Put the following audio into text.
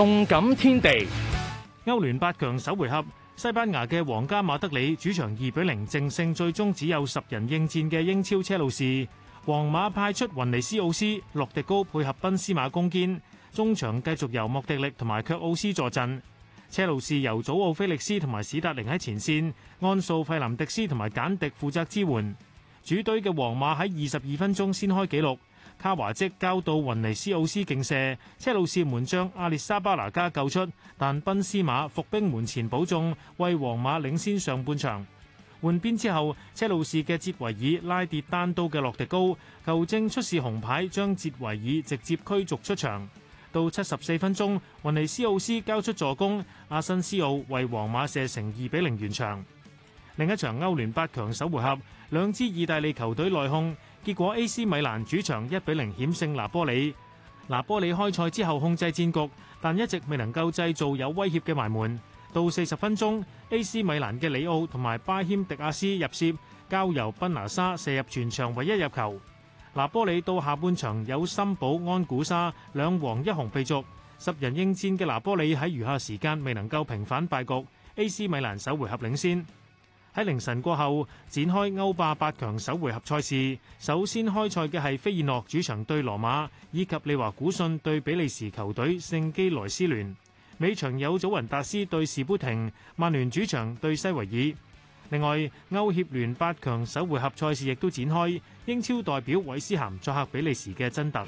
動感天地，歐聯八強首回合，西班牙嘅皇家馬德里主場二比零淨勝最終只有十人應戰嘅英超車路士，皇馬派出雲尼斯奧斯、洛迪高配合賓斯馬攻堅，中場繼續由莫迪力同埋卻奧斯坐陣，車路士由祖奧菲力斯同埋史達寧喺前線，安素費林迪斯同埋簡迪負責支援，主隊嘅皇馬喺二十二分鐘先開紀錄。卡華即交到雲尼斯奧斯勁射，車路士門將阿列沙巴拿加救出，但賓斯馬伏兵門前保中，為皇馬領先上半場。換邊之後，車路士嘅捷維爾拉跌單刀嘅洛迪高，球證出示紅牌將捷維爾直接驅逐出場。到七十四分鐘，雲尼斯奧斯交出助攻，阿辛斯奧為皇馬射成二比零完場。另一場歐聯八強首回合，兩支意大利球隊內訌。結果 AC 米蘭主場一比零險勝拿玻里。拿玻里開賽之後控制戰局，但一直未能夠製造有威脅嘅埋門。到四十分鐘，AC 米蘭嘅里奧同埋巴謙迪亞斯入楔，交由賓拿沙射入全場唯一入球。拿玻里到下半場有森保安古沙兩黃一紅被逐，十人應戰嘅拿玻里喺餘下時間未能夠平扳敗局。AC 米蘭首回合領先。喺凌晨過後展開歐霸八強首回合賽事，首先開賽嘅係飛燕諾主場對羅馬，以及利華古遜對比利時球隊聖基萊斯聯。尾場有祖雲達斯對士砵亭，曼聯主場對西維爾。另外，歐協聯八強首回合賽事亦都展開，英超代表韋斯咸作客比利時嘅真特。